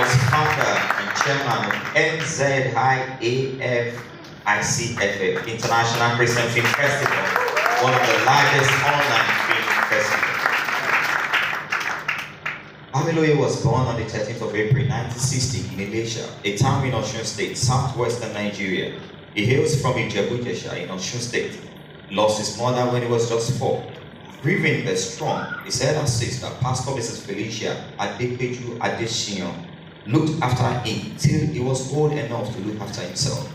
was founder and chairman of NZIAFICFF, International Christian Film Festival, one of the largest online film festivals. Amiloye was born on the 13th of April 1960 in Ilesha, a town in Osun State, southwestern Nigeria. He hails from Ijebujesha in Osun State. Lost his mother when he was just four. Grieving the strong, his elder sister, Pastor Mrs. Felicia Adepeju Adeshion, looked after him till he was old enough to look after himself.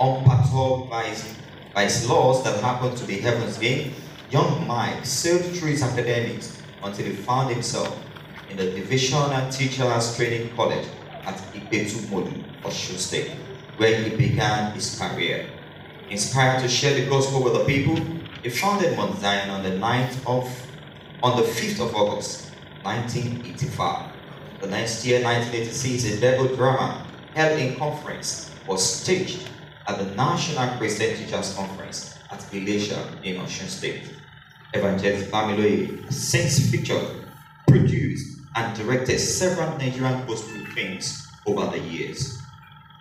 Unperturbed by his, by his laws that happened to the heavens game, young Mike served through his academics until he found himself in the Divisional Teachers Training College at Ipetu Modu, Oshun State, where he began his career. Inspired to share the gospel with the people, he founded Mount Zion on the 9th of on the 5th of August 1985 the next year, 1986, a level drama held in conference was staged at the National Christian Teachers Conference at Galatia in Osun State. Evangelist Family since featured, produced, and directed several Nigerian gospel films over the years.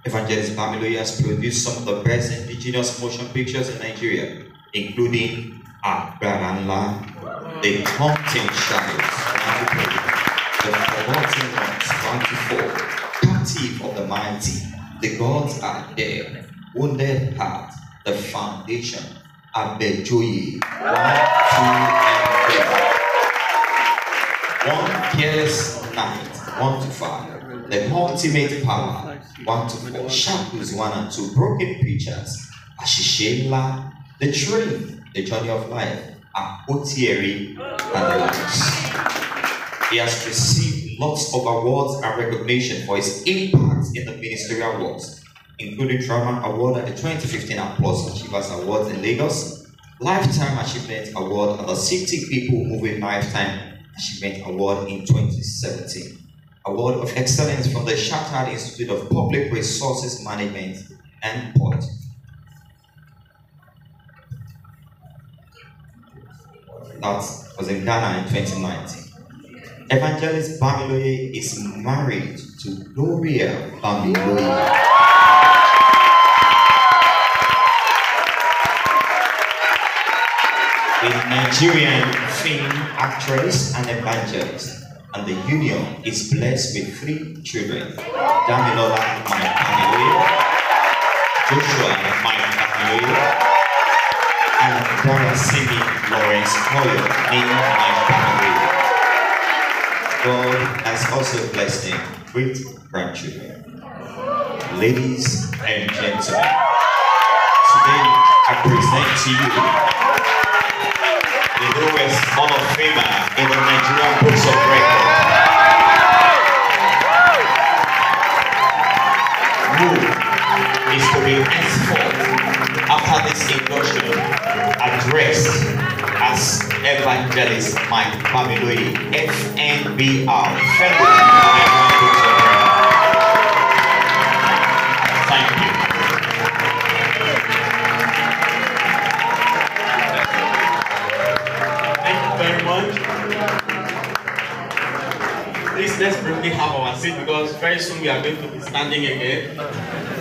Evangelist Family has produced some of the best indigenous motion pictures in Nigeria, including Agbara Nla, The Haunting Shadows, the forgotten to four, Captive of the mighty, the gods are there. Wounded heart, the foundation, Abejoye. One, two, and three. One careless night, one to five. The ultimate power, one to four. Shackles, one and two. Broken pictures, Ashishemla. The train, the journey of life, Apotieri, and the lives. He has received lots of awards and recognition for his impact in the ministerial world, including Trauma Award at the 2015 Applause Achievers Awards in Lagos, Lifetime Achievement Award at the City People Moving Lifetime Achievement Award in 2017, Award of Excellence from the Shattered Institute of Public Resources Management and Port. That was in Ghana in 2019. Evangelist Bamiloye is married to Gloria Bamiloye. A Nigerian film actress and evangelist, and the union is blessed with three children, Damilola Mike Joshua Mike Bamiloye, and Simi Lawrence Moyo, named Mike God has also blessed him with grandchildren. Ladies and gentlemen, today I present to you the newest Hall of Famer in the Nigerian Books of Record. is to be henceforth after this emotional address as Evangelist Mike Bamidoi, FNBR. Thank you. Thank you very much. Please let's briefly have our seat because very soon we are going to be standing again.